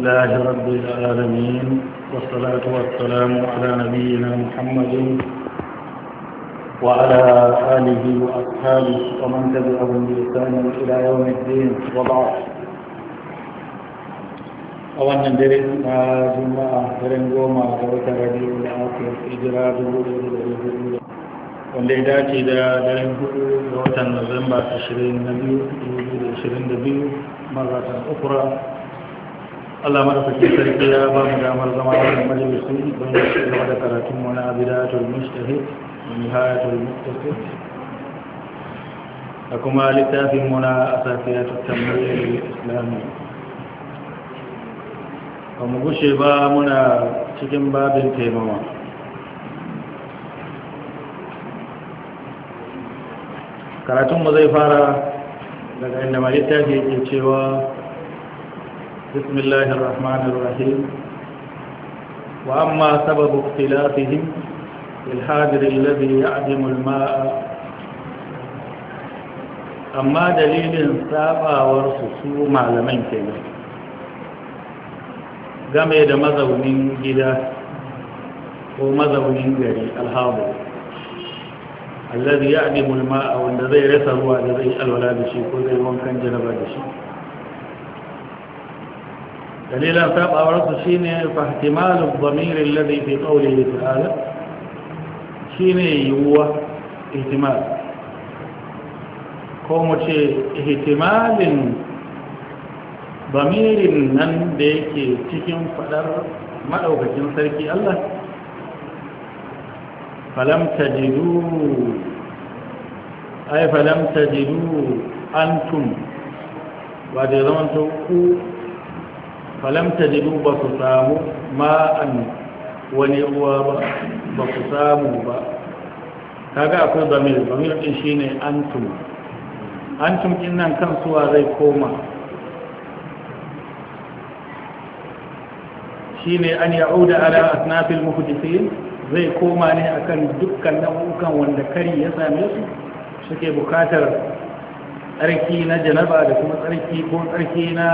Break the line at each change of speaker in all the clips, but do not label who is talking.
الله رب العالمين والصلاة والسلام على نبينا محمد وعلى آله وأصحابه ومن تبعهم بإحسان إلى يوم الدين وبعد أولا درس ما جمعة رنجو ما جرت ربيع الآخر إجراء دور wanda ya dace da daren hudu ga watan Nuwamba 22, 2022 maratan ukura Allah madafaki sarki ya ba mu damar zama wani majalisun don da shi gaba da karatun mu na da mujtahid wa nihayatul muktasib da kuma littafin mu na asafiyatut tambayyar islami ba mu gushe ba muna cikin babin taimama karatunmu zai fara daga inda ma littafi ke cewa بسم الله الرحمن الرحيم وأما سبب اختلافهم في الذي يعدم الماء أما دليل سابع ورسسو معلمين كيلا جميل مذوني جدا من جري الحاضر الذي يعدم الماء وانذي رسلوا وانذي الولاد الشيء وانذي المنكن جنب الشيء دليل أساب أورث شيني فاحتمال الضمير الذي في قوله تعالى شيني هو اهتمال كومة اهتمال ضمير نن ديكي تكيم لو ملوكة سركي الله فلم تجدوا أي فلم تجدوا أنتم بعد زمن falam tajidu ba ku samu ma'an wani ruwa ba ba ku samu ba ga akwai zamir zamir shi ne antum antum din nan kan suwa zai koma Shi shine an auda ala asnafil muhdithin zai koma ne akan dukkan nau'ukan wanda kari ya same su suke bukatar tsarki na janaba da kuma tsarki ko tsarki na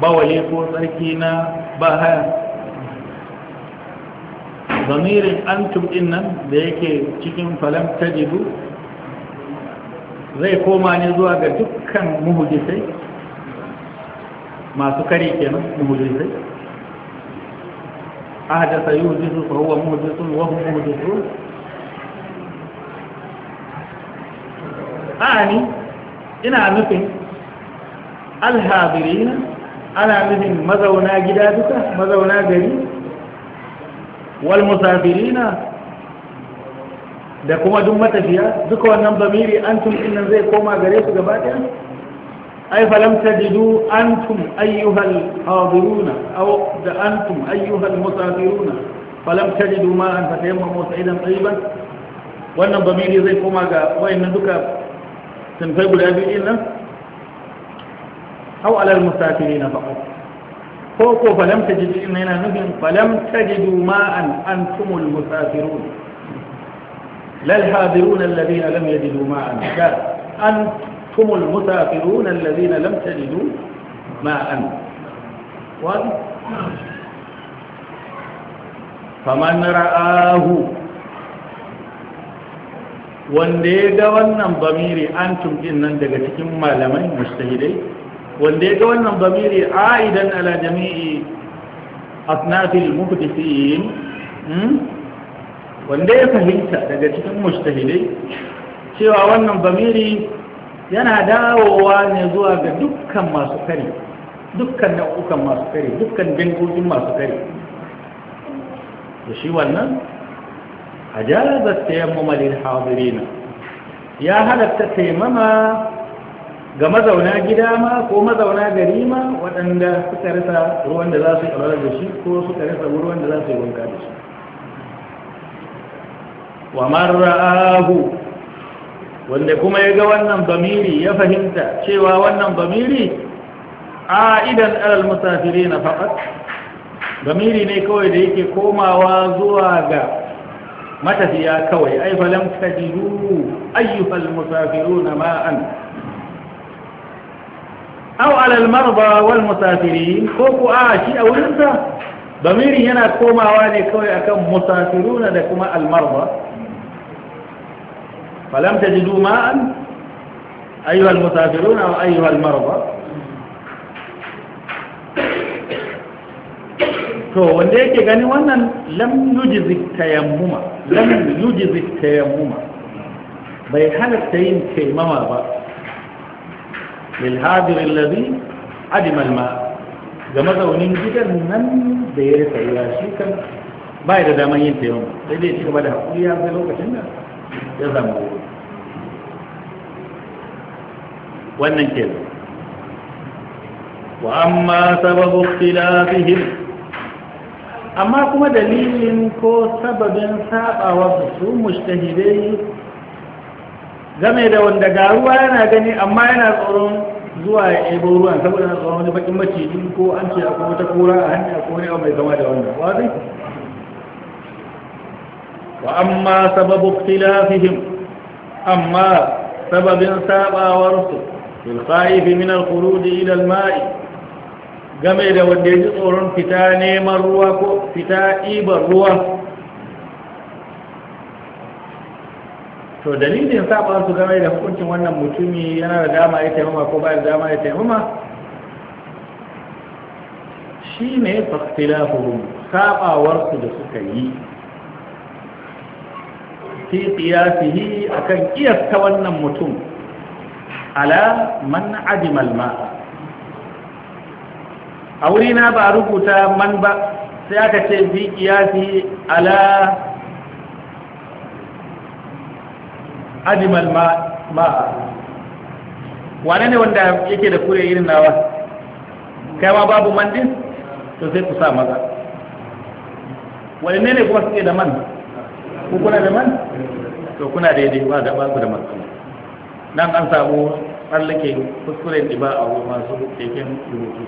bawaye ko tsarki na ba haya zamirin antum din nan da yake cikin falam tajidu zai koma ne zuwa ga dukkan muhujisai masu kare kenan muhujisai ahdasa yuhdisu fa huwa muhdisun wa hum muhdisun ani ina nufin alhadirina ana nufin mazauna gida duka mazauna gari wal musafirina da kuma duk matafiya duka wannan bamiri antum dinnan zai koma gare su gaba daya. ai falam tajidu antum ayyuhal hadiruna aw da antum ayyuhal musafiruna falam tajidu ma an fatayammamu sa'idan tayyiban wannan bamiri zai koma ga wayannan duka tanfai guda biyu din nan aw alal musafirin faqat ko ko falam tajidu inna yana nufin falam tajidu ma'an antumul musafirun lal hadirun alladhina lam yajidu ma'an da antumul musafirun alladhina lam tajidu ma'an wadi faman ra'ahu wanda ya ga wannan bamiri antum din nan daga cikin malamai mustahidai wanda ya ga wannan zamiri idan ala jami'i asnafil muhdithin hmm? wanda ya fahimta daga cikin mujtahidai cewa wannan bamiri yana dawowa ne zuwa ga dukkan masu kare dukkan nau'ukan masu kare dukkan dangogin masu kare da shi wannan a jarazar tayammuma lil hadirina ya halatta taimama ga mazauna gida ma ko mazauna gari ma waɗanda suka rasa ruwan da za su yi da shi ko suka rasa ruwan da za su yi wanka da shi wa wanda kuma ya ga wannan bamiri ya fahimta cewa wannan bamiri a idan alal musafiri na faɗaɗ bamiri ne kawai da yake komawa zuwa ga matafiya kawai ai falam tajidu musafiru na ma'an أو على المرضى والمسافرين كوكو آشي أو إنسا ضميري هنا كوما واني كوي أكم مسافرون لكما المرضى فلم تجدوا ماء أيها المسافرون أو أيها المرضى وعندما يقولون لم يجز التيمم لم يجز التيمم بين حالتين كيمم بأس للهاجر الذي عدم الماء ga mazaunin gidan nan da ya rika ya shi kan bai da daman yin tayon sai dai cigaba da haƙuri ya sai lokacin da ya zama wuri wannan ke wa amma sababu ikhtilafihim amma kuma dalilin ko sababin sabawa su mujtahidai game da wanda ga ruwa yana gani amma yana tsoron zuwa ya ebo ruwan saboda na tsoron wani bakin maciji ko an ce akwai wata kura a hanya ko wani abu mai zama da wanda wa zai wa amma sababu filafihim, amma sababin sabawarsu fil khaifi min al khuruj ila ma'i game da wanda ya ji tsoron fita neman ruwa ko fita ibar ruwa to dalilin saba su game da hukuncin wannan mutumi yana da dama ya taimama ko ba da dama ya taimama shi ne faktilafuhum su da suka yi fi kan akan kiyasta wannan mutum ala man adimal ma. a wuri na ba rubuta man ba sai aka ce fi qiyasihi ala ajimal ma ma wane ne wanda yake da kure irin nawa kai ma babu mandi? to sai ku sa maza wane ne kuma suke da man ku kuna da man to kuna da yadda ba da ku da matsala nan an samu tsallake kuskuren ba a masu keken rubutu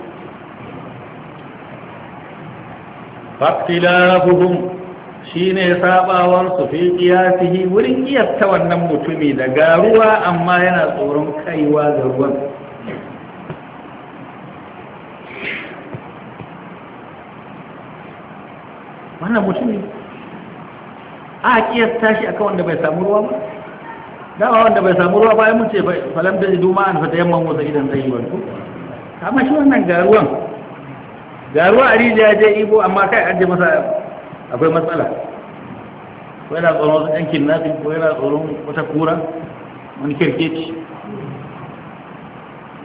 faktilafuhum shi ne sabawarsu fi kiyasihi wurin kiyasta wannan mutumi da garuwa amma yana tsoron kaiwa ga ruwan wannan mutumi a kiyasta shi aka wanda bai samu ruwa ba dama wanda bai samu ruwa bayan mace ce falam da idu ma'an fata yamman wasa idan zai yi wanku amma shi wannan garuwan garuwa a rijiya je ibo amma kai an je masa akwai matsala ko yana tsoron wasu ɗan kidnapping ko yana tsoron wata kura wani kirkeci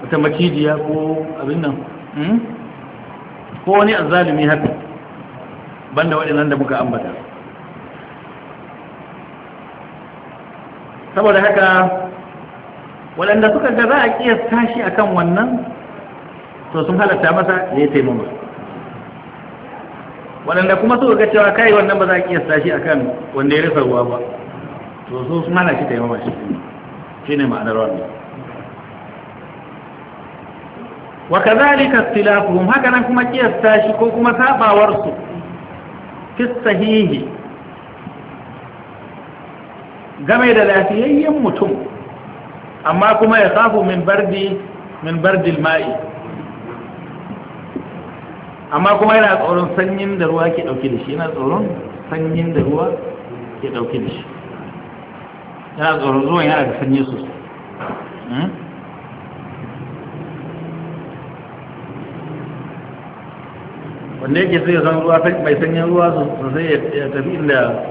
wata macijiya ko abin nan hmm? ko wani azalumi haka banda waɗannan da muka ambata saboda haka waɗanda suka ga za a kiyasta shi akan wannan to sun halatta masa ya yi taimama waɗanda kuma suka ga cewa kai wannan ba za ki yasta shi akan wanda ya rasa ruwa ba to so sun hana shi taimama shi ne ma'anar wannan wa kadhalika ikhtilafuhum haka nan kuma kiyasta shi ko kuma sabawar su fi sahihi game da lafiyayyen mutum amma kuma ya kafu min bardi min bardil ma'i amma kuma yana tsoron sanyin da ruwa ke dauke da shi yana tsoron sanyin da ruwa ke dauke da shi yana tsoron zuwan yana da sanyi sosai hmm? wanda yake sai ya san ruwa mai sanyin ruwa sosai ya tafi inda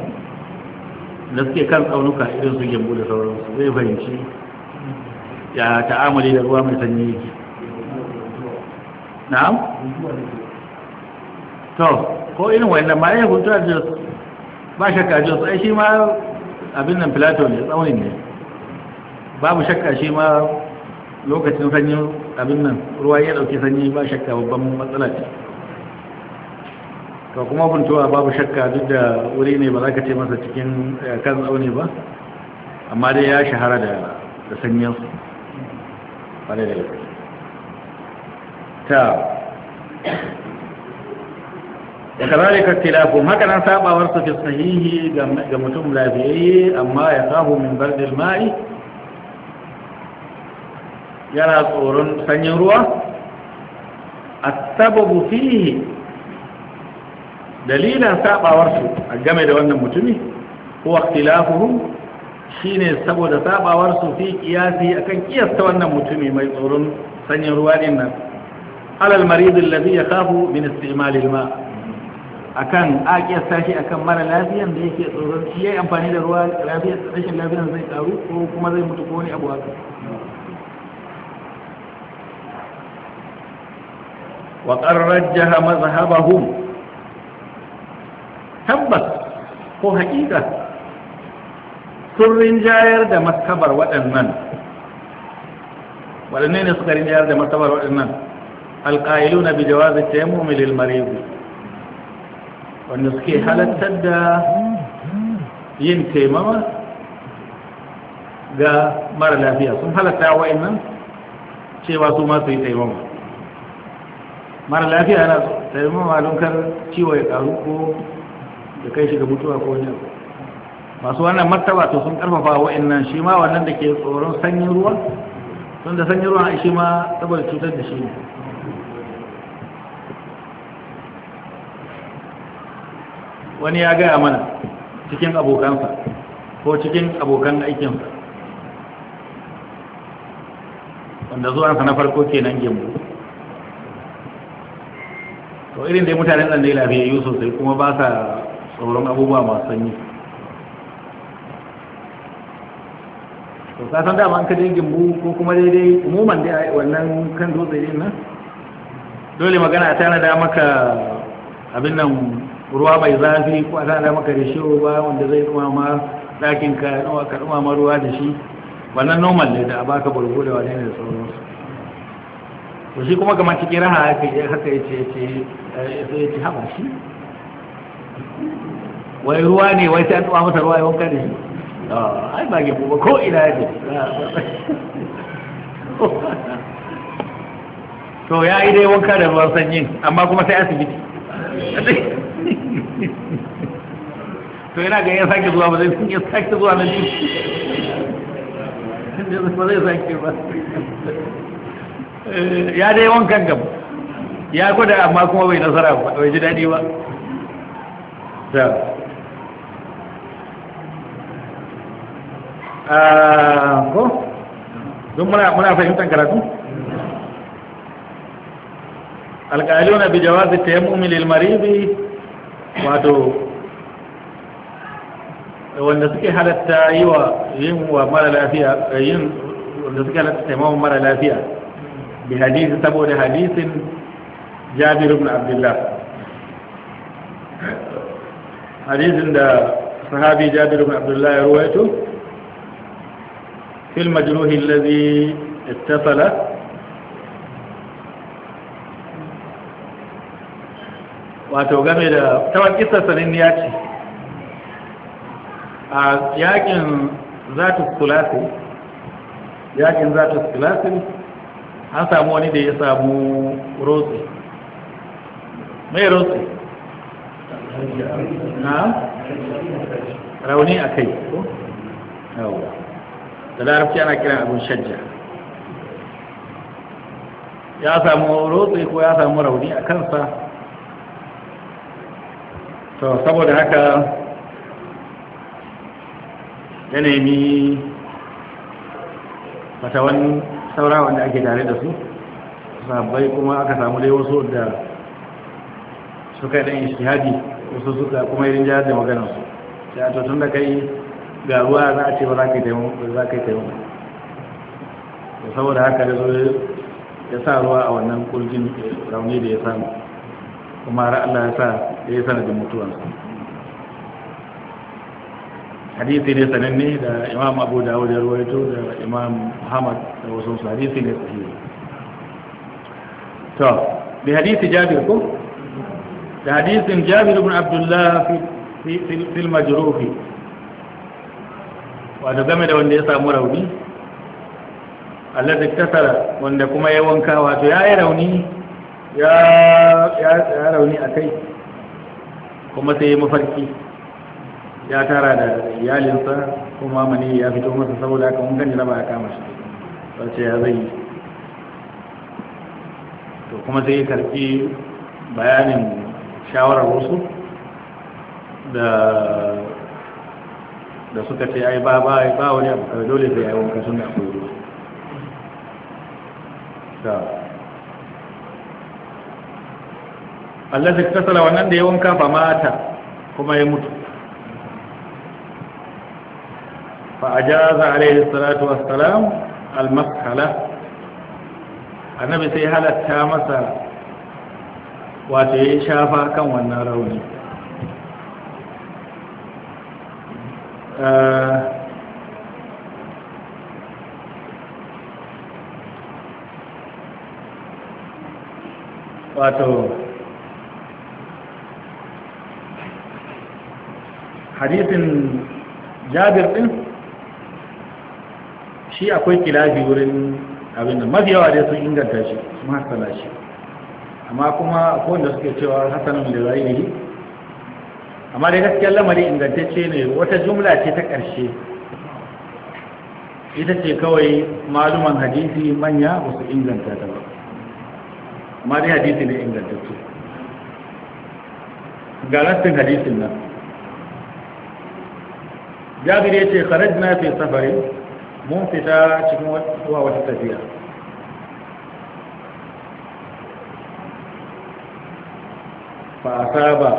da suke kan tsaunuka irin su gembu da sauransu zai fahimci ya ta'amali da ruwa mai sanyi yake na'am to ko irin wannan ma ya hutu a jos ba shakka jos ai shi ma abin nan plato ne tsaunin ne babu shakka shi ma lokacin sanyin abin nan ruwa ya dauke sanyi ba shakka babban matsala ce to kuma buntuwa babu shakka duk da wuri ne ba za ka ce masa cikin eh, kan tsauni ba amma dai ya shahara da sanyin Ba da ta da kazalika tilafum haka nan sabawar su fi sahihi ga mutum lafiyayye amma ya sahu min bardil ma'i yana tsoron sanyin ruwa asababu fihi dalilan sabawar su a game da wannan mutumi ko ikhtilafuhum shine saboda sabawar su fi kiyasi akan kiyasta wannan mutumi mai tsoron sanyin ruwa din nan alal marid alladhi yakhafu min istimal al-ma' akan a sashi akan mara lafiyan da yake tsoron shi yayi amfani da ruwa lafiyar rashin lafiyar zai karu ko kuma zai mutu ko wani abu haka wa qarrajjaha mazhabahum tabbas ko haƙiƙa sun rinjayar da maskabar waɗannan waɗannan ne suka rinjayar da maskabar waɗannan alƙa'ilu na bijawa zai ce mu milil maribu wanda suke halattar da yin taimama ga mara lafiya sun halatta wa'in nan cewa su masu yi taimama mara lafiya na taimama don kar ciwo ya karu ko da kai shiga mutuwa ko wani masu wannan martaba to sun karfafa wa'in nan shi ma wannan da ke tsoron sanyin ruwa tun da sanyin ruwa shi ma saboda cutar da shi ne wani ya gaya mana cikin abokansa ko cikin abokan aikinsa wanda zuwansa na farko ke nan gemu to irin dai mutanen ɗan dai yi sosai kuma ba sa tsoron abubuwa masu sanyi to san dama an ka dai gimbu ko kuma daidai umuman da wannan kan dutse din nan dole magana ta tana da maka abin nan ruwa mai zafi ko a zana maka da shiru ba wanda zai ma ɗakin ka nawa ka dumama ruwa da shi wannan normal ne da a baka burgo da wani ne da sauransu to shi kuma kamar cikin raha haka ya haka ya ce ya ce haɓa shi wai ruwa ne wai sai an dumama masa ruwa ya wanka da shi ah, ai ba gefu ba ko ina ya ce to ya yi dai wanka da ruwan sanyi amma kuma sai asibiti to yana ga ya sake zuwa ba zai ya
sake zuwa na biyu ba zai sake ba
eh, ya dai wankan gaba ya gwada amma kuma bai nasara ba bai ji daɗi ba ah, ko don muna fahimtar karatu alƙaliyar na bijawa zai taimumi lilmaribi wato wanda suke halatta yi wa yin wa mara lafiya yin wanda suke halatta taimakon mara lafiya bi hadisi saboda hadisin jabir ibn abdullah hadisin da sahabi jabir ibn abdullah ya ruwaito fil majruhi allazi ittasala wato game da tawar sanin ya ce a yakin zatus kulasi yakin zatus kulasi an samu wani da ya samu rotsi mai rotsi na rauni a kai ko? da larabci ana kiran abin shajja ya samu rotsi ko ya samu rauni a kansa to saboda haka ya nemi fatawan saura wanda ake tare da su sabbai kuma aka samu dai wasu da suka yi ɗan haji, wasu suka kuma yi jihar da su ya to tun da kai ga ruwa za a ce ba za ka yi taimako saboda haka da zo ya sa ruwa a wannan kurgin rauni da ya samu kuma har Allah ya sa ya yi sanadin mutuwansa hadisi ne sananne da imam abu dawud ya rawaito da imam muhammad da wasu su hadisi ne sahihi to bi hadisi jabir ko da hadisin jabir ibn abdullah fi fi al wato game da wanda ya samu rauni Allah da kasara wanda kuma ya wanka wato ya yi rauni ya rauni a kai kuma sai ya mafarki ya tara da iyalinsa kuma mani ya fito masa saboda haka mun gani raba ya kama shi sace ya zai to kuma sai ya karfi bayanin shawarar wasu da da suka ce ai ba ba ba wani abu dole sai yi wanka sun da akwai ruwa Allah zai tasala wannan da ya wanka ba mata kuma ya mutu fa ajaza alayhi salatu wassalam al almashala annabi sai halatta masa wato ya shafa kan wannan rauni wato hadisin jabir din shi akwai kilafi wurin abin da mafi yawa dai sun inganta shi sun hasala shi amma kuma akwai wanda suke cewa hasanun da zai yi amma dai gaskiyar lamari ingantacce ne wata jumla ce ta ƙarshe ita ce kawai maluman hadisi manya ba su inganta ta ba amma dai hadisi ne ingantacce ga rastin hadisin nan jabir ya ce kharajna fi safari mun fita cikin zuwa wata tafiya fa asaba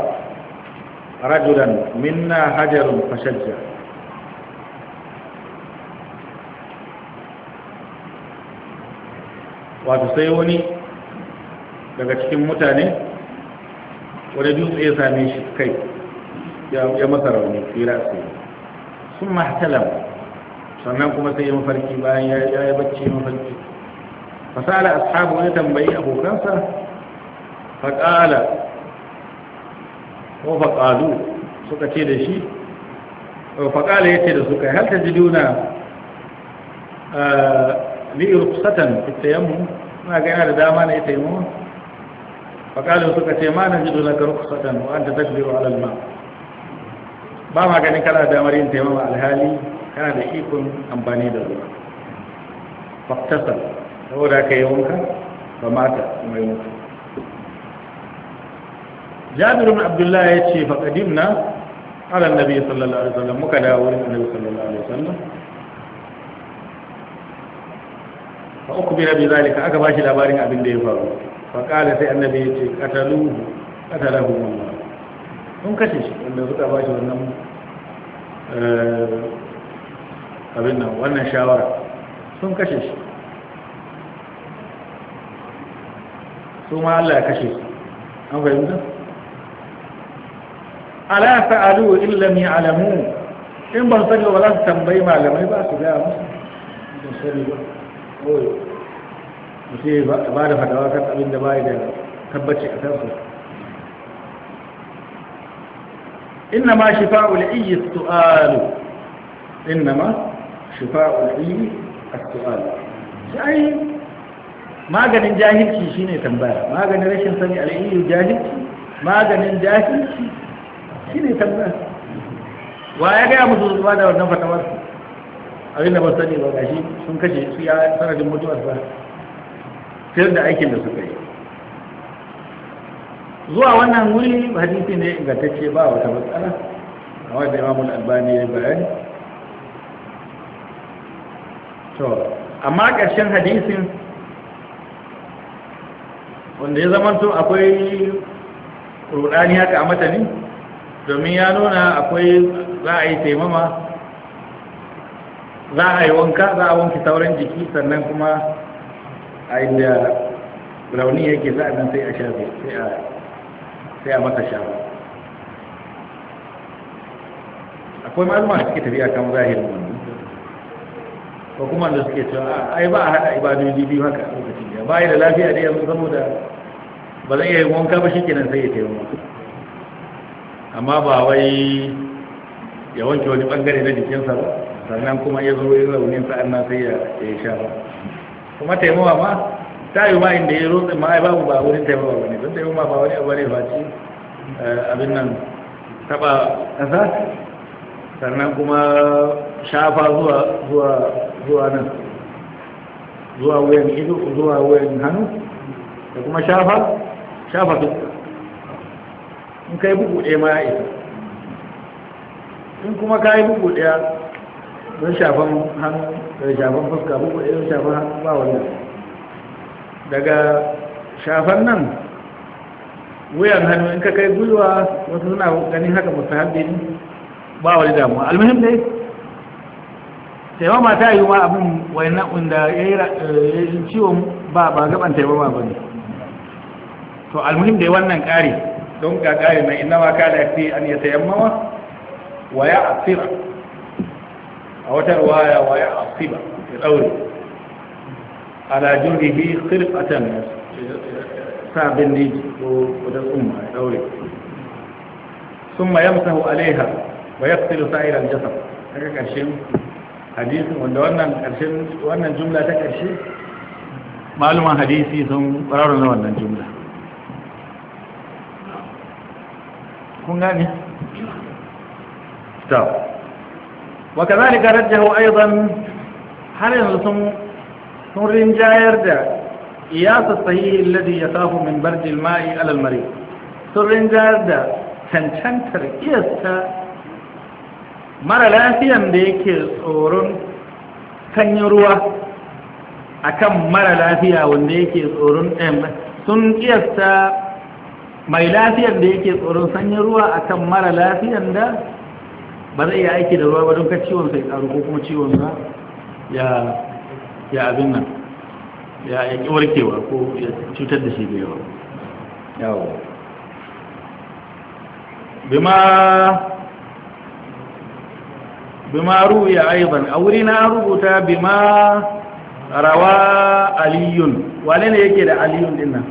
rajulan minna hajarun fashajja wato sai wani daga cikin mutane wani dutse ya same shi kai ya masa rauni tsira sai sun mahtalam sannan kuma sai ya mafarki bayan ya yi bacci mafarki fasala ashabu wani tambayi abokansa faƙala ko faƙalu suka ce da shi faƙala ya ce da suka hal ta jiduna li rukusatan fitayenmu na gana da dama na ita yi mu faƙalu suka ce ma na jiduna ka rukusatan wa an ta takbiru alalma ba ma ganin kana damar yin taimama alhali kana da ikon amfani da ruwa faktasar saboda ka yi wanka ba mata mai wanka jabirin abdullahi ya ce faƙadim na ala nabi sallallahu alaihi wasallam muka dawo wurin nabi sallallahu alaihi wasallam fa uku bi zalika aka bashi labarin abin da ya faru fa qala sai annabi ya ce qataluhu qatalahu Allah mun kashe shi wanda suka ba shi wannan abin nan wannan shawara sun kashe shi su ma Allah ya kashe su an fahimta ala sa'alu illa mi alamu in ban sani ba za su tambayi malamai ba su gaya musu ban sani ba oyo mutu ba da fadawa kan abin da ba da tabbaci a kansu إنما شفاء العي السؤال إنما شفاء العي السؤال جاي ما ganin jahilci shine tambaya maganin rashin sani al'iyu jahilci maganin jahilci shine tambaya wa ya gaya musu zuwa da wannan fatawar abinda ba sani ba gashi sun kashe ya sanadin mutuwar ba sayar da aikin da suka yi zuwa wannan wuri hadisi ne ga ta ce ba wata matsala a wajen imamul albani ya bayani to amma ƙarshen hadisin wanda ya zamanto akwai rudani haka a matani domin ya nuna akwai za a yi taimama za a yi wanka za a wanki sauran jiki sannan kuma a inda rauni yake za a nan sai a sha sai a sai a masa sha akwai malama da suke tafiya kan zahirin wannan ko kuma da suke cewa ah, ai ba a haɗa ibadoji biyu haka a lokacin ya bayi da lafiya da yanzu saboda ba zai iya yi wanka ba shi kenan sai ya taimaka amma ba wai ya wanke wani bangare na jikinsa ba sannan kuma ya zo yin raunin sa'an nan sai ya sha ba kuma taimawa ma ta yi ma inda ya rotsa ma ai babu ba wurin taimawa wani don ma ba wani abu ne faci abin nan taba ƙasa sannan kuma shafa zuwa zuwa zuwa nan zuwa wuyan ido zuwa wuyan hannu da eh, kuma shafa shafa duk in kai bugu ɗaya ma ya isa in kuma ka yi bugu ɗaya don shafan hannu da shafan fuska bugu ɗaya don shafan hannu ba wannan daga shafan nan wuyan hannu in ka kai gwiwa wasu suna ganin haka mustahabbi ba wani damuwa almuhim dai taimama mata yi ma abin wayannan da eh, ya yi ciwon ba ba gaban taimama ba ne to almuhim dai wannan ƙari don ga ƙari mai ina ma kada fi an ya taimama wa ya asira a wata ruwaya wa ya asira ya ɗaure على جنبه خرقة ثعب النيج ودى الأمة دوري. ثم يمسه عليها ويقتل سائر الجسد هكا كرشين حديث وانا الجملة تكرشي معلومة حديثي ثم قرارنا وانا الجملة كن غاني طيب. وكذلك رجه ايضا حالي نظم sun rinjayar da iyasa sahihin ladi ya tafi min barjil ma'i alal mari sun rinjayar da cancantar iyasta mara lafiyan da yake tsoron sanyin ruwa akan mara lafiya wanda yake tsoron ɗan eh, sun iyasta mai lafiyan da yake tsoron sanyin ruwa akan mara lafiyan da ba zai iya aiki da ruwa ba don ka ciwon sai tsaro ko kuma ciwon ba. ya ya abin nan ya yaki warkewa ko ya cutar da shi da yawa yawa bima bima ruya aiban a wuri na rubuta bima rawa aliyun wane ne yake da aliyun din nan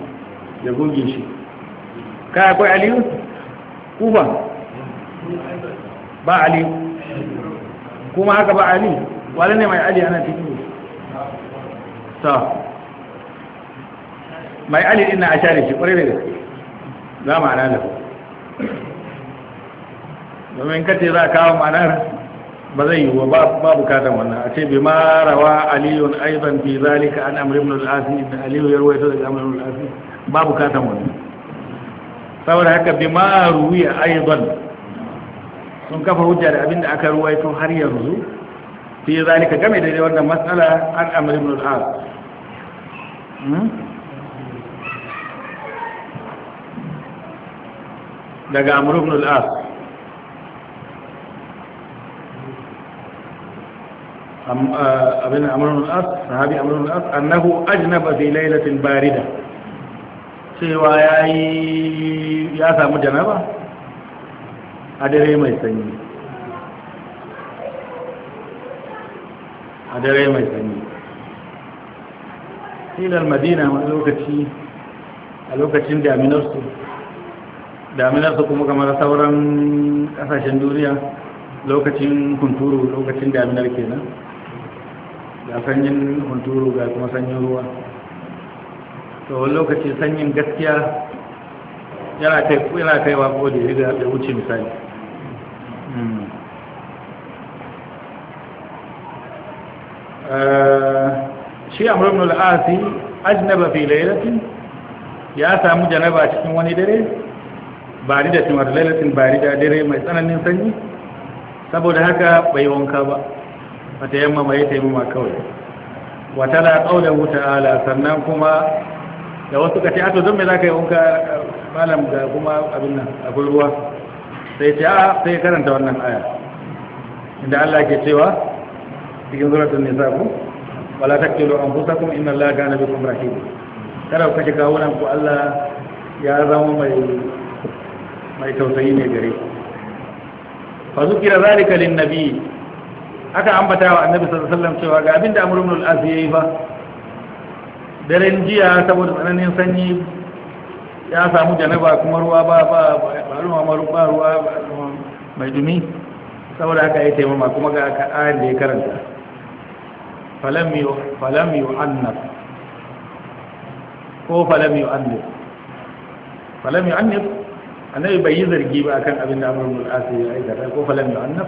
da goge shi ka akwai aliyun kuma ba aliyu kuma haka ba aliyu wane ne mai aliyu ana ciki ta mai ali din na a share shi kwarai da gaske za mu ana lafi domin kace za a kawo ma'anar ba zai yi wa ba bukatan wannan a ce bi ma rawa aliyun aiban fi zalika an amri ibn al-as ibn aliyu ya rawaito daga amri ibn al-as ba bukatan wannan saboda haka bi ma ruwiya aiban sun kafa hujja da abinda aka ruwaito har yanzu fi zalika game da wannan matsala an amri ibn al-as Hmm? daga amur ibn as uh, abin amur ibn as sahabi amur ibn as annahu ajnaba fi lailatin barida cewa yayi ya samu janaba a dare mai sanyi a dare mai sanyi filar madina wani lokaci a lokacin daminarsu daminarsu kuma kamar sauran kasashen duniya lokacin hunturu lokacin daminar kenan ga sanyin hunturu ga kuma sanyin ruwa to wani lokaci sanyin gaskiya yana kaiwa ko da da wuce misali Uh, amr ibn al asi ajnaba fi laylatin ya samu janaba cikin wani dare bari da timar lailatin bari da dare mai tsananin sanyi saboda haka bai wanka ba wata yamma mai taimama kawai wata la qaulahu ta'ala sannan kuma da wasu kace a to don me zaka yi wanka malam ga kuma abin nan a ruwa sai ce a sai karanta wannan aya inda Allah ke cewa cikin suratul nisa ko wala taqtulu anfusakum inna allaha kana bikum rahim kada ku kashe kawunan ku Allah ya zama mai mai tausayi ne gare ku fa zukira zalika lin nabi aka ambata wa annabi sallallahu alaihi wasallam cewa ga abinda amr ibn al-as yayi fa daren jiya saboda tsananin sanyi ya samu janaba kuma ruwa ba ba ba ruwa ma ruwa mai dumi saboda haka ya taimama kuma ga aka ayin da ya karanta falam annab ko falam annab, falam annab annabi bai yi zargi ba akan abin da amr ibn ya aikata ko falam annab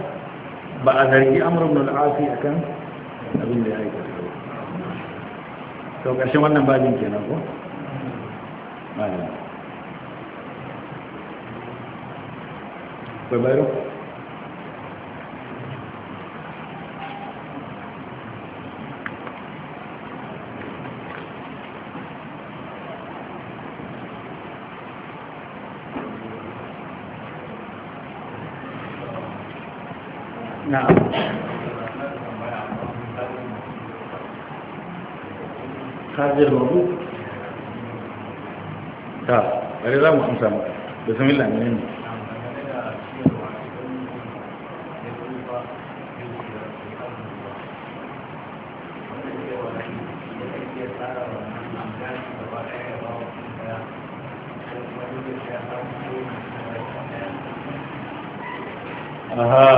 ba a zargi amr ibn al-as abin da ya aikata to ƙarshen wannan babin kenan ko malama Bye-bye. hajjar mabu ta bari za mu amsa maka da sami lamini ne aha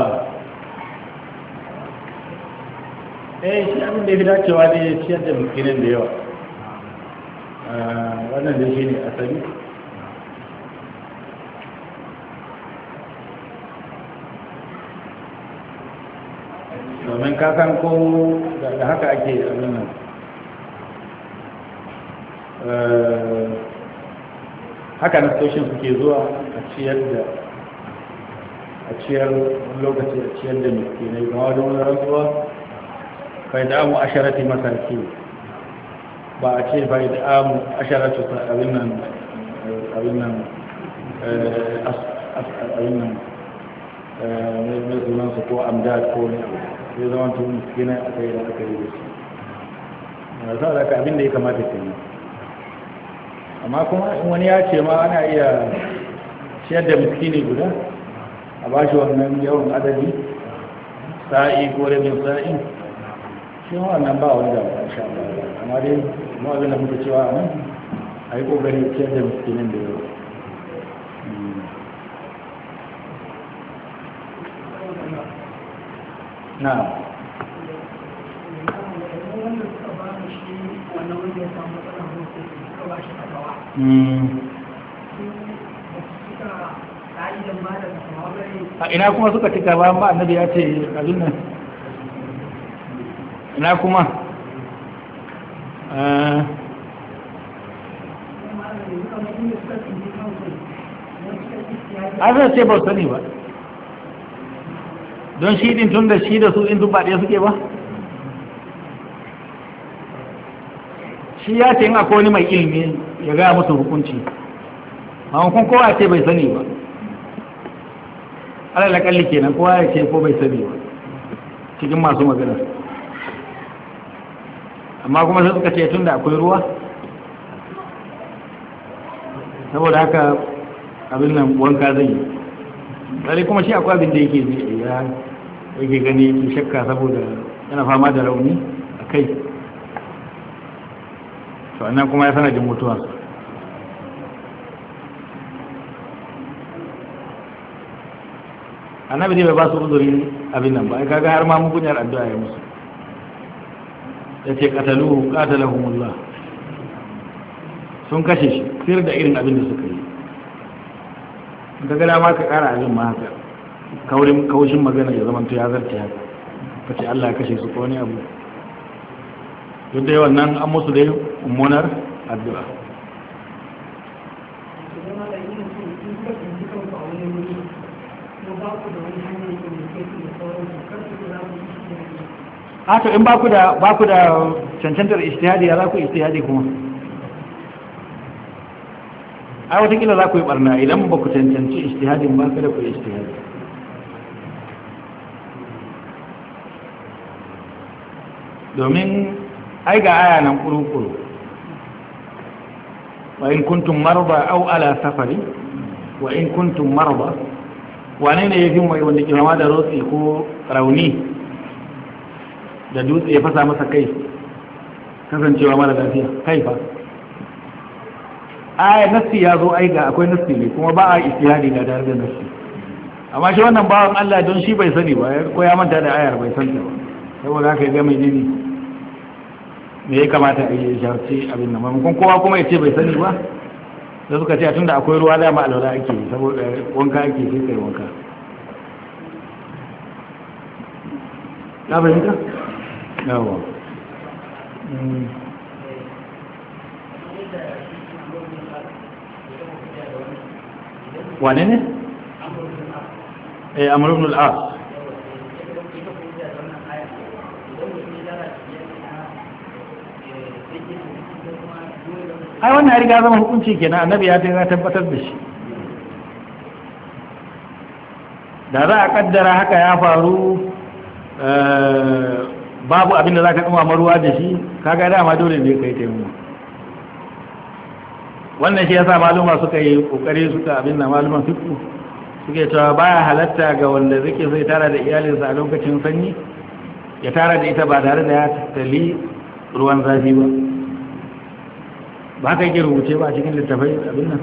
eh shi abin da ya fi dacewa ne ciyar da da yawa wannan shi ne asali domin kasan ko da haka ake abin nan eh, haka na soshin suke zuwa a ciyar da a ciyar lokaci a ciyar da mai ke na yi ma wajen wani rantsuwa faidamu asharati masarki ba a ce bai da amu a abin nan abin nan eh, abin nan eh, mai sunan su ko amdad ko ne sai zama tun kina a yi da aka yi da su za a abin da ya kamata ke yi amma kuma wani ya ce ma ana iya ciyar da ne guda a ba shi wannan yawan adadi sa'i ko rabin sa'i, shi wannan ba wani da ba sha ba amma dai kuma abin da muka cewa a nan a yi ƙoƙari ciyar da miskinan da yau na
hmm. a
ina kuma suka cika ba ba annabi ya ce a nan ina kuma Eh.
a zai ce
sani ba don shi din tun da shi da su in ba ɗaya suke ba shi ya ce in akwai mai ilimi ya gaya musu hukunci a kun kowa ce bai sani ba alalakalli kenan kowa ya ce ko bai sani ba cikin masu magana amma kuma sai suka ce tun da akwai ruwa saboda haka abin nan wanka zai yi tsari kuma shi akwai abin da yake ya yake gani ke shakka saboda yana fama da rauni a kai to annan kuma ya da mutuwa annabi ne bai ba su uzurin abin nan ba kaga har ma mugunyar addu'a ya musu yace qataluhu Allah sun kashe shi sir da irin abin da suka yi daga da ma ka kara abin ma haka kaurin kaushin magana ya zama to ya zarta ya kace Allah ya kashe su ko wani abu duk da yawan nan an musu dai mummunar addu'a haka in baku da baku da cancantar istihadi ya za ku kuma ai wata kila za ku yi barna idan ba ku cancanci ijtihadin ba da ku yi domin ai ga aya nan kurukuru wa in kuntum marba au ala safari wa in kuntum marba wane ne ya fi mai wanda kirama da rotsi ko rauni da dutse ya fasa masa kai kasancewa mara lafiya kai fa aya nassi ya zo ai ga akwai nassi ne kuma ba a istihadi da tare da nassi amma shi wannan bawan Allah don shi bai sani ba ko ya manta da ayar bai ta ba saboda haka ga mai dini me ya kamata a yi jarce abin nan maimakon kowa kuma ya ce bai sani ba da suka ce tunda akwai ruwa dama alwala ake saboda wanka ake sai kai wanka
ka yawa hmm. wane ne?
eh amurin al'ar ai wannan ya riga zama hukunci kenan annabi ya ta tabbatar da shi da za a kaddara haka ya faru eh, babu abin da za ka ɗumama ruwa da shi kaga dama dole ne kai taimu wannan shi yasa maluma suka yi kokari suka abin da maluman fiku suke cewa baya halatta ga wanda zake sai tara da iyalinsa a lokacin sanyi ya tara da ita ba tare da ya tattali ruwan zafi ba ba ka yi rubuce ba a cikin littafai abin nan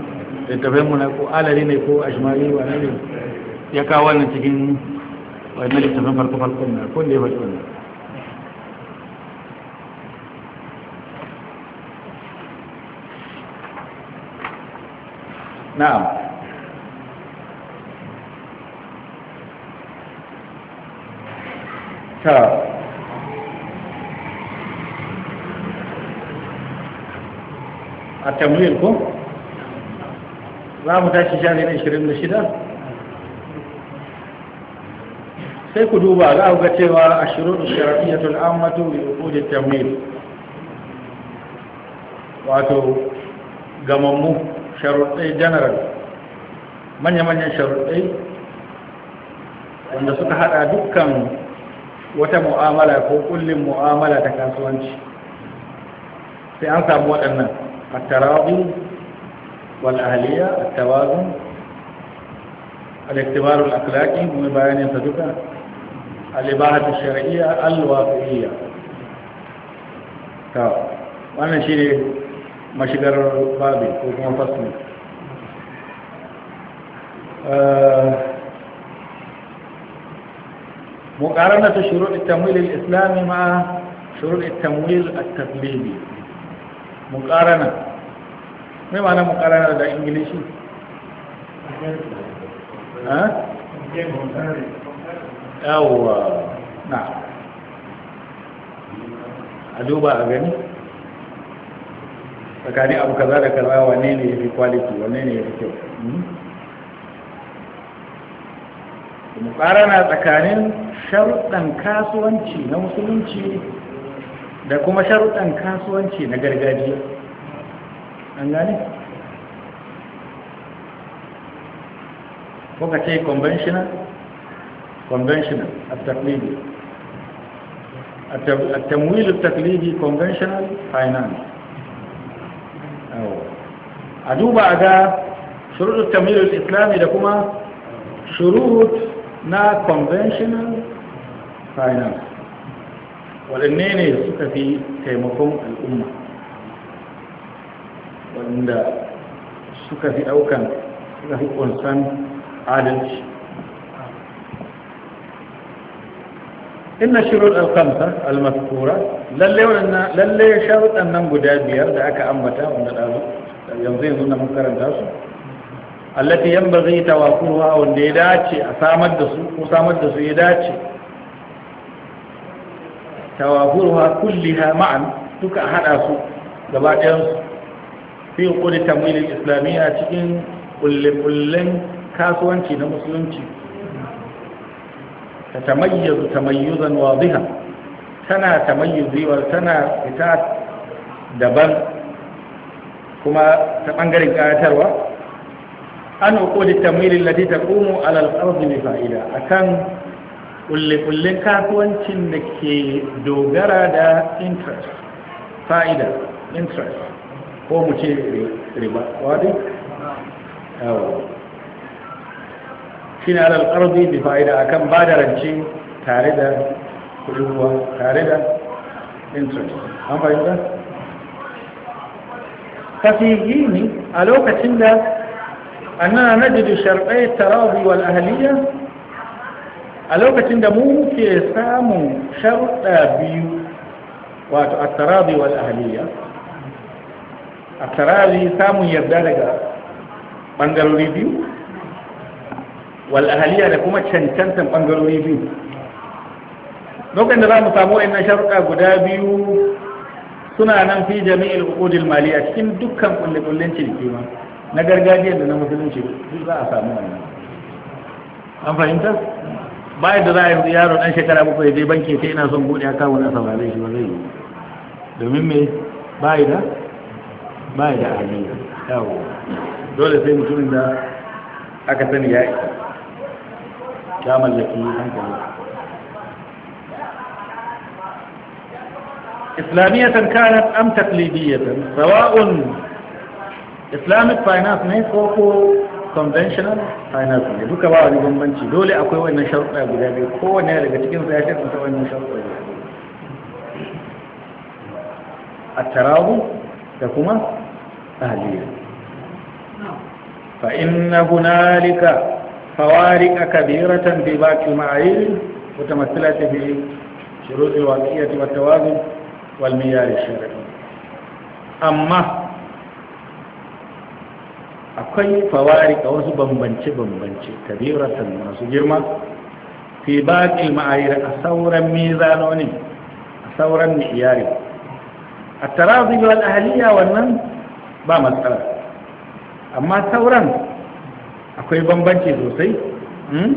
littafai mu na ko alari ne ko ashmari ba ne ya kawo wannan cikin wani littafin farko farko na ko da ya faɗi wannan
na'am ta
a tambayar ko za mu tashi jami'in 26 sai ku duba za ga cewa a shirin sharafiyatul amatu bi ukudi tambayar wato gamammu sharuɗai general manya-manyan sharuɗai wanda suka hada dukkan wata mu'amala ko kullum mu'amala ta kasuwanci sai an samu waɗannan a tarazu wal'ahaliya a tawazun al'iktibarul akhlaqi mai bayanin sa duka al'ibahatu shari'iyya al-wafi'iyya ta wannan shi ne mashigar babin ko kuma مقارنة شروط التمويل الإسلامي مع شروط التمويل التقليدي مقارنة ما معنى مقارنة بالإنجليزي؟ ها؟ أو نعم أدوبة أغني tsakanin abu kaza da kaza wanne ne ya fi kwaliti wanne ne ya fi kyau hmm? na tsakanin sharuɗan kasuwanci na musulunci da kuma sharuɗan kasuwanci na gargajiya an gane? kuka ce conventional? conventional a taklidi a tamwilu taklidi conventional finance a duba a ga shurut tamilul islami da kuma shurut na conventional finance waɗanne ne suka fi taimakon al'umma wanda suka fi ɗaukan suka fi ƙunsan adalci inna shirul al almaskura lalle wannan sharuɗan nan guda biyar da aka ambata wanda dazu yanzu yanzu na makaranta su allati yanbaghi tawafuha wanda ya dace a samar da su ko samar da su ya dace tawafuha kulliha ma'an duka hada su gaba ɗayan su fi qul tamwil al-islamiyya cikin kullu kullun kasuwanci na musulunci ta tamayyazu tamayyuzan waziha tana tamayyuzi wa tana fita daban kuma ta bangaren kayatarwa an uku da lati alal arzi mai fa'ida akan kulle-kullen kasuwancin da ke dogara da interest fa'ida interest ko mu ce riba shine alal qardi bi fa'ida akan ba da rance tare da kudin ruwa tare da interest an fahimta fasihini a lokacin da annana najidu sharɗai tarabi wal ahliya a lokacin da mu ke samun sharɗa biyu wato at-tarabi wal ahliya at-tarabi samun yarda daga bangarori biyu wal ahaliya da kuma cancantan ɓangarori biyu lokacin da za mu samu na sharuɗa guda biyu suna nan fi jami'il uqudil maliya cikin dukkan kulle-kullen ciniki ma na gargajiya da na musulunci duk za a samu wannan an fahimta bayan da za a yi yaro ɗan shekara ya je banki sai ina son bude akawun a saurare shi ba zai yi domin me bayi da bayi da ahaliya yawo dole sai mutumin da aka sani ya isa ya mallaki hankali islamiyatan kanat am taqlidiyatan sawa'un islamic finance ne ko ko conventional finance ne duka ba wani bambanci dole akwai wannan sharuɗa guda biyu kowane daga cikin su ya ta wannan sharuɗa guda biyu التراضي لكما أهلية فإن هنالك فوارق كبيرة في باقي المعايير متمثلة في شروط الواقعية والتوازن والمياه الشرعي أما أكوي فوارق أو بنشي بنشي كبيرة ما في باقي المعايير أصور ميزانوني أصور مئياري التراضي والأهلية والنم با أما ثورا akwai bambanci sosai hmm?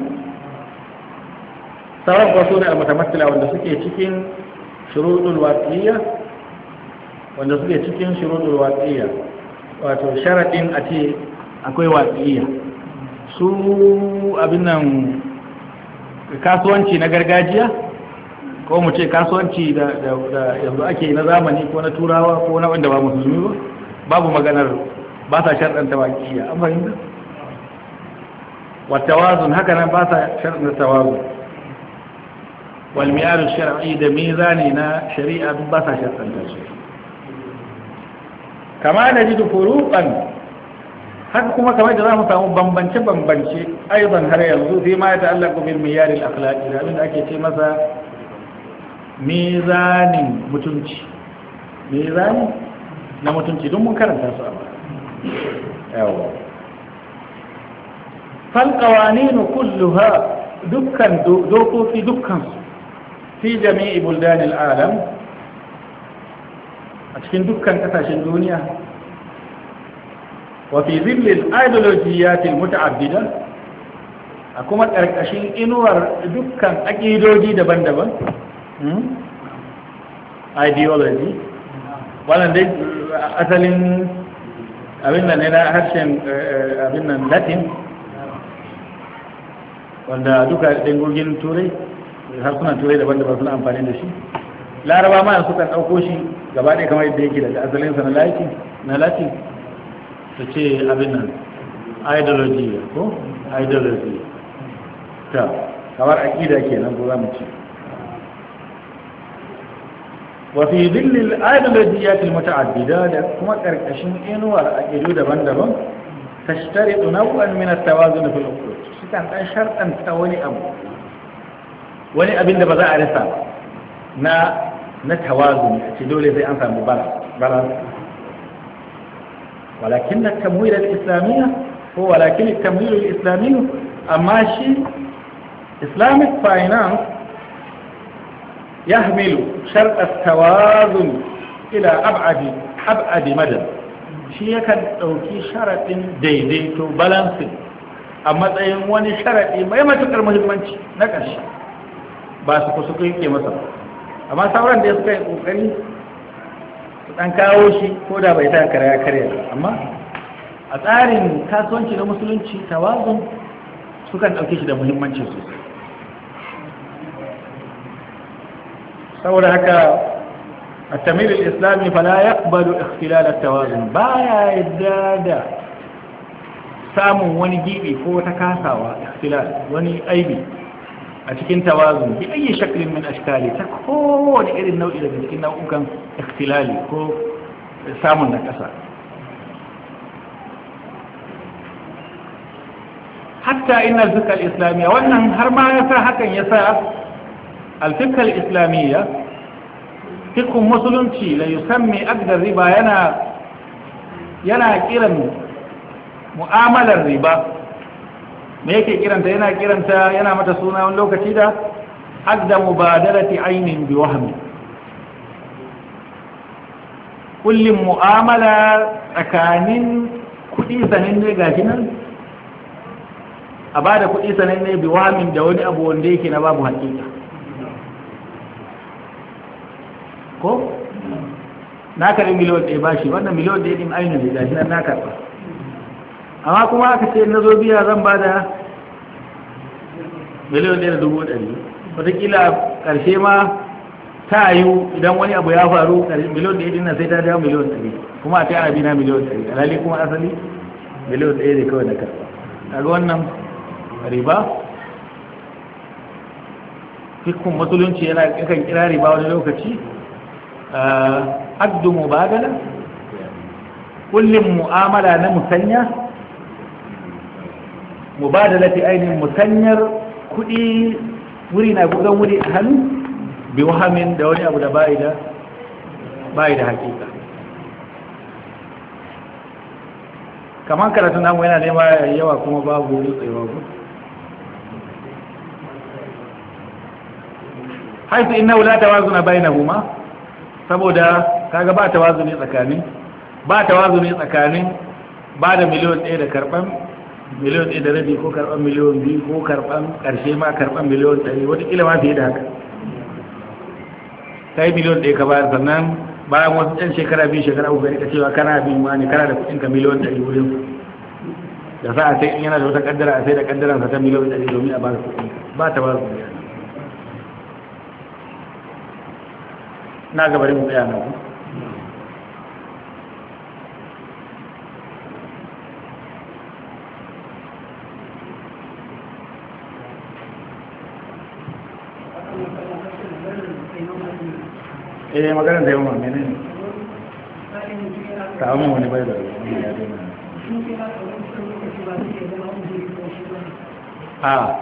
sauran kuwa su ne almutamattila wanda suke cikin shuruɗul waƙiyya wanda suke cikin shuruɗul waƙiyya wato sharaɗin a ce akwai waƙiyya su abin nan kasuwanci na gargajiya ko mu ce kasuwanci da yanzu ake na zamani ko na turawa ko na wanda ba musulmi ba babu maganar ba sa sharɗanta waƙiyya an fahimta والتوازن هكذا بات شرط التوازن والميار الشرعي ده ميزاننا شريعة بات شرط التوازن كما نجد فروقا haka kuma kamar da za mu samu bambance-bambance aizan har yanzu sai ma ya ta'allaka bil miyar al-akhlaqi da ake ce masa mizanin na mutunci don mun karanta su a yawa فالقوانين كلها دكا دوكو في دكا في جميع بلدان العالم أشكين دكا كتاش دونيا وفي ظل الأيدولوجيات المتعددة أكما ترك أشين إنور دكا أكيدوجي دبن دبن أيديولوجي wannan dai asalin abin nan ne na harshen abin nan latin wanda duka dangogin turai harsunan turai daban-daban suna amfani da shi laraba ma suka ɗauko shi gaba ɗaya kamar yadda yake daga sa na latin na latin su ce abin nan ideology ko ideology ta kamar aqida kenan ko za mu ce wafi zillil ideologiyat muta'addida da kuma ƙarƙashin inuwar aqidu daban-daban tashtari nau'an min at-tawazun fil ta ɗan sharɗanta wani abu wani abin da ba za a rasa na na tawazu a ce dole sai an samu balance walakin na tamwirar islamiyya ko walakin tamwirar islamiyya amma shi islamic finance يحمل شرط التوازن إلى أبعد أبعد مدى shi yakan ɗauki sharaɗin daidaito balancing a matsayin wani sharaɗi mai matuƙar muhimmanci na ƙarshe ba su kusa kun ke masa ba amma sauran da suka yi ƙoƙari su ɗan kawo shi ko da bai ta kare karya amma a tsarin kasuwanci na musulunci tawazun sukan ɗauke shi da muhimmanci sosai saboda haka a tamir islami fala ya ƙbalo ikhtilalar tawazun ba ya yadda da samun wani gibi ko wata kasawa ikhtilal wani aibi a cikin tawazun bi ayi shaklin min ashkali ta ko wani irin nau'i daga cikin nau'ukan ikhtilali ko samun na kasa hatta inna ina al islamiyya wannan har ma ya sa hakan ya sa al islamiyya fikun musulunci la yusammi agdar riba yana yana kiran mu'amalar riba me yake kiranta yana kiranta yana mata suna wani lokaci da adda mubadalati ainin bi wahmi kullum mu'amala tsakanin kudi ne ga nan a ba da sanin sananne bi wahmin da wani abu wanda yake na babu hakika ko na karin miliyon ɗaya bashi wannan miliyon ɗaya ɗin ainihin da gashi nan na karɓa amma kuma aka ce na zo biya zan ba da miliyan ɗaya da dubu ɗari watakila ƙarshe ma ta yiwu idan wani abu ya faru miliyan ɗaya ɗin sai ta jawo miliyan ɗari kuma a kai arabi na miliyan ɗari alali kuma asali miliyan ɗaya ne kawai da karɓa ga wannan riba fikun musulunci yana yakan kira riba wani lokaci ah, addu mubadala kullum mu'amala na musanya mubadalati ainihin musanyar kuɗi wuri na gudan wuri a hannu bi wahamin da wani abu da bayi da bayi da hakika kamar karatun namu yana nema yawa kuma babu wuri tsayawa ku haifu inna wula ta na huma saboda kaga ba ta ne tsakanin ba ta ne tsakanin ba da miliyon ɗaya da karɓan miliyon ɗaya da rabi ko karɓar miliyon biyu ko karɓar ƙarshe ma karɓar miliyon ɗari wataƙila ma fiye da haka ka yi miliyon ɗaya ka bayar sannan bayan wasu ɗan shekara biyu shekara uku ka cewa kana bin ma ne kana da kuɗin ka miliyon ɗari wurin da sa a sai in yana da wata ƙaddara a sai da kaddaransa ta miliyon ɗari domin a ba su kuɗin ba ta ba su kuɗin na gabarin tsaya na ku E eh, magana da yawon ne
ta amma wani bai da
a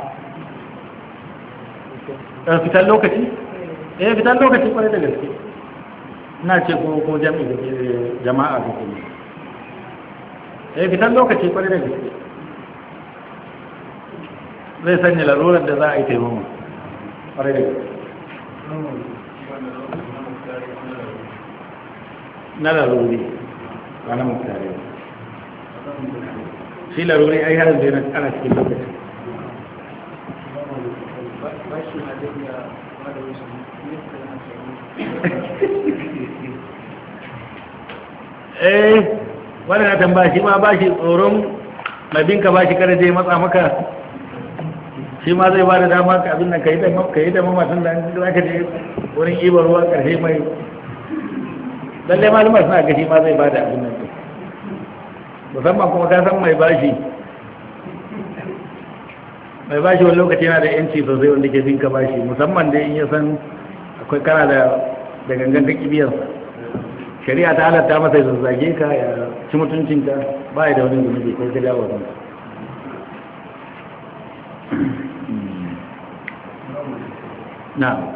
eh, fitar lokaci? eh fitar lokaci kwarai da gaske na ce ko eh, jama'a da kuma eh fitar lokaci kwarai da gaske zai sanya larurar da za a yi taimama kwarai da gaske na laruri ba na mutane shi laruri ai har zai na ana cikin lokaci eh wani na tambashi ma ba shi tsoron mabinka ba shi kada zai matsa maka shi ma zai ba da dama ka abin nan ka yi da mamatan da ake ka je wurin ibar ruwa ƙarshe mai lallai malamar suna gashi ma zai bada abin nan musamman kuma ka san mai bashi mai bashi wani lokaci yana da yanci sosai wanda ke zinka bashi musamman dai in ya san akwai kana da da gangan ta biyansa shari'a ta halatta masa ya zage ka ya ci mutuncinka ba ya da wani zunubi ko ka jawo kanka na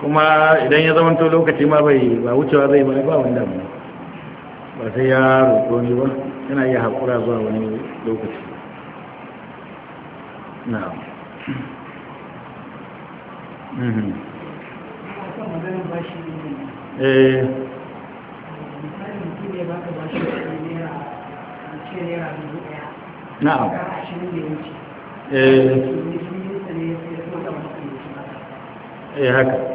kuma idan ya zama to lokaci ma bai ba wucewa zai ba ba wanda ba ba sai ya roƙo ni ba yana iya haƙura zuwa wani lokaci na
mhm. eh. na'am eh, eh haka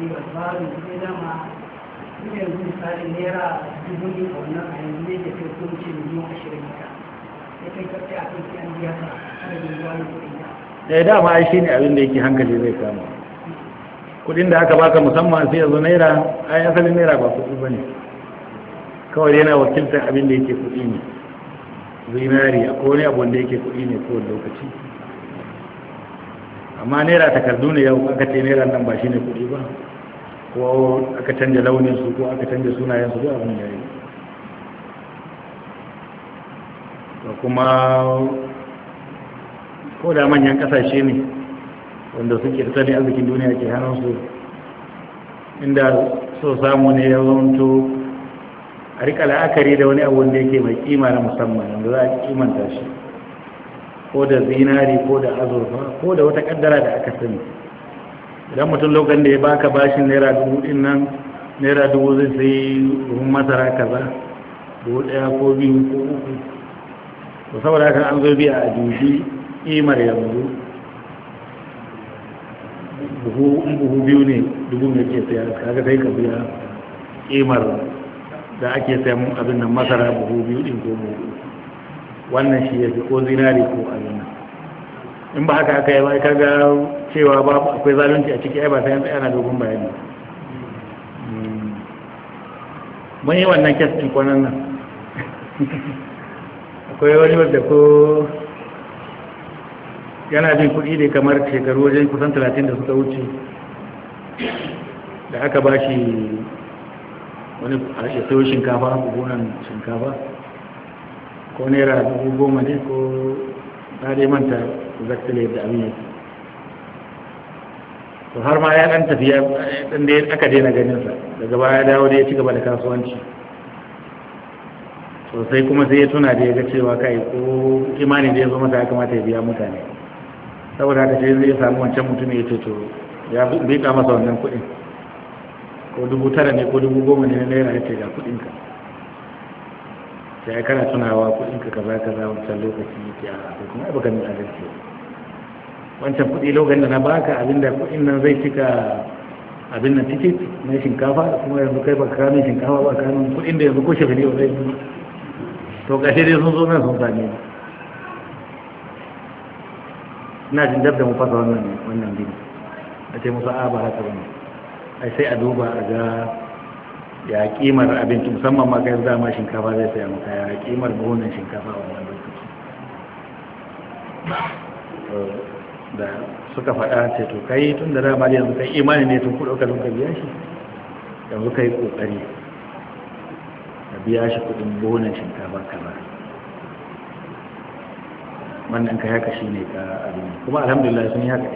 ribar dama ne a wannan a yanzu
shine abin da yake hankali zai kama kuɗin da aka baka musamman sai yanzu naira ai asalin naira ba kudi ba ne kawai yana wakiltar abin da yake kudi ne zinari a wani abu da yake kuɗi ne kowane lokaci amma naira takardu ne yau aka ce naira nan ba shi ne kuɗi ba ko aka canja launin su ko aka canja sunayen su ba abin da da kuma ko da manyan kasashe ne wanda suke tattalin arzikin duniya ke hannunsu inda so samu ne ya zonto a rika la'akari da wani abu da yake mai kima na musamman da za a kimanta shi ko da zinari ko da azurfa ko da wata kaddara da aka sani idan mutum lokacin da ya baka bashin naira dubu din nan naira dubu zai sai ruhun masara kaza dubu daya ko biyu ko uku to saboda haka an zo biya a dubi imar yanzu buhu buhu biyu ne dubu mai ke saya kaga sai ka biya imar da ake sayan abin nan masara buhu biyu din ko buhu wannan shi ya fi ko zinari ko abin in ba haka aka yi ba ka ga cewa ba akwai zalunci a ciki ai ba sai an tsaya na dogon bayani hmm. mun yi wannan kes ɗin kwanan nan akwai wani wadda ko yana jin kuɗi ne kamar shekaru wajen kusan talatin da suka wuce da aka ba shi wani ya shekaru shinkafa buhunan shinkafa ko naira dubu goma ne ko ta dai manta zaktale da abin yake to har ma ya dan tafiya dan da aka daina ganin sa daga baya dawo da ya ci gaba da kasuwanci sosai kuma sai ya tuna da ya ga cewa kai ko imani da ya zo masa ya kamata ya biya mutane saboda haka sai zai samu wancan mutum ya ce to ya ka masa wannan kuɗin ko dubu tara ne ko dubu goma ne na naira ya ce ga kuɗinka sai kana tunawa kudin ka kaza kaza wancan lokaci ya ko kuma ai baka nuna gaske wancan kudi lokacin da na baka abinda kudin nan zai cika abin nan ticket na shinkafa kuma yanzu kai baka kamin shinkafa ba kamin kudin da yanzu ko shafari ba zai to kashe dai sun zo nan sun sami na ina jin dab da mu fasa wannan wannan a ce musa a ba haka bane ai sai a duba a ga ya kimar abinci musamman ma kai dama shinkafa zai saya maka ya kimar buhunan shinkafa wannan lokaci da suka faɗa ce to kai tun da dama yanzu kai imani ne tun kuɗa ka biya shi yanzu kai kokari ka biya shi kuɗin buhunan shinkafa kaza wannan kai haka shine ka abin kuma alhamdulillah sun yi haka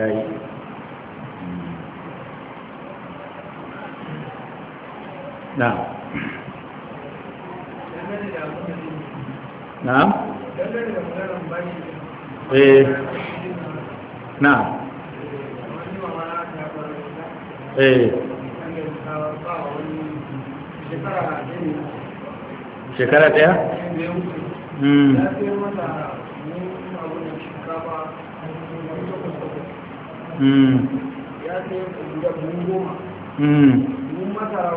ya yi na'am na'am eh na'am eh shekara daya?
ya ce da bungo ma
mun masara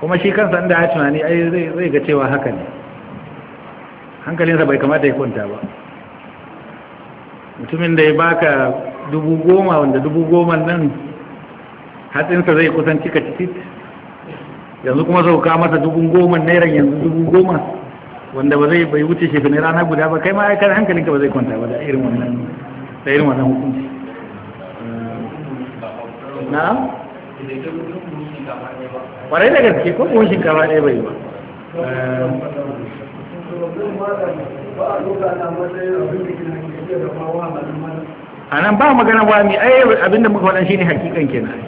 kuma shi kansa inda ya tunani ai zai ga cewa haka ne hankalinsa bai kamata ya kwanta ba mutumin da ya baka dubu goma wanda dubu goma nan hatsinsa zai kusan cika titit yanzu kuma sauka masa dubu goma nairan yanzu dubu goma wanda ba zai bai wuce shi ne rana guda ba kai ma aikar hankalinka ba zai kwanta ba da irin wannan da irin wannan hukunci
na? kwarai da gaske ko kuma shinkafa
ɗaya bai ba a nan ba magana ba mai ai abinda muka shi ne hakikan kenan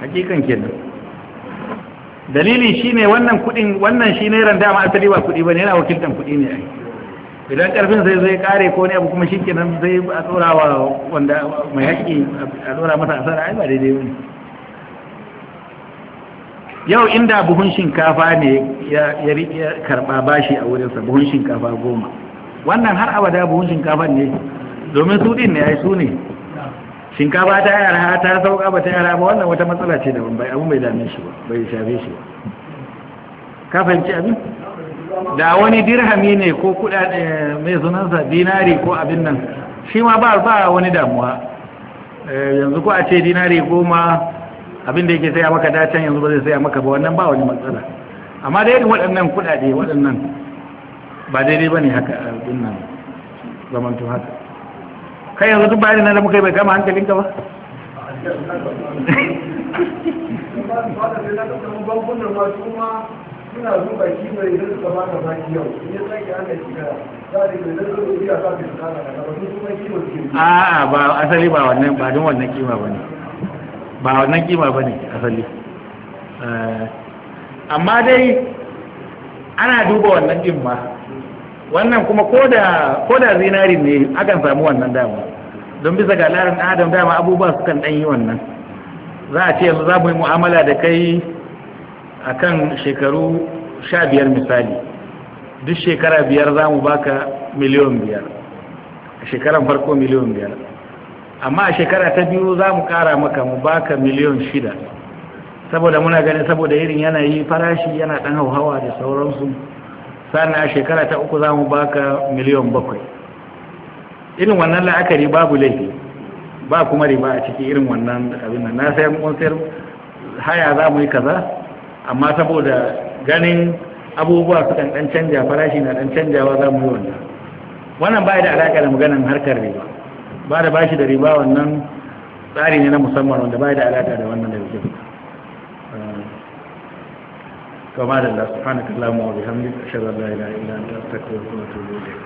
hakikan kenan dalili shine wannan kudin wannan shi ne randa dama asali ba kudi ne yana wakiltan kudi ne ai idan karfin sai zai kare ko ne abu kuma shi kenan zai a tsorawa wanda mai haƙƙi a tsora masa asara ai ba daidai ne. yau inda buhun shinkafa ne ya karɓa bashi a wurinsa buhun shinkafa goma wannan har abada buhun shinkafa ne domin su din ne ai su ne shinkafa ta yara ta sauka ba ta yara ba wannan wata matsala ce da bai abu mai dame shi ba bai shafe shi ba ka fahimci abin da wani dirhami ne ko kuɗa mai sunansa dinari ko abin nan shi ma ba ba wani damuwa eh, yanzu ko a ce dinari goma abin da yake saya maka dacen yanzu ba zai saya maka ba wannan ba wani matsala amma da waɗannan kuɗaɗe waɗannan ba daidai ba ne haka a dunnan zamantu haka kai yanzu duk bayanin nan da muka yi bai kama hankalinka ba ba a ba asali ba wannan ba don wannan kima ba ne ba wannan kima ba ne asali eh, amma dai ana duba wannan ɗin ma wannan kuma ko da zinari ne akan samu wannan dama don bisa ga larin adam dama abubuwa su kan yi wannan za a ce yanzu za mu yi mu'amala da kai a kan shekaru sha biyar misali duk shekara biyar za mu baka miliyon biyar shekaran farko miliyon biyar amma a shekara ta biyu za mu kara maka mu baka miliyon shida saboda muna ganin saboda irin yanayi farashi yana dan hauhawa da sauransu sannan a shekara ta uku za mu baka miliyon bakwai irin wannan la'akari babu laifi ba kuma riba a ciki irin wannan abin na sayar mun sayar haya za mu yi kaza amma saboda ganin abubuwa su kan dan canja farashi na dan canjawa za mu yi wannan wannan ba da alaka da maganar harkar riba ba da bashi da riba wannan tsari ne na musamman wanda ba da alaƙa da wannan da yake kama da Allah subhanahu wa ta'ala wa bihamdihi ashhadu an la ilaha illa anta astaghfiruka wa atubu ilayk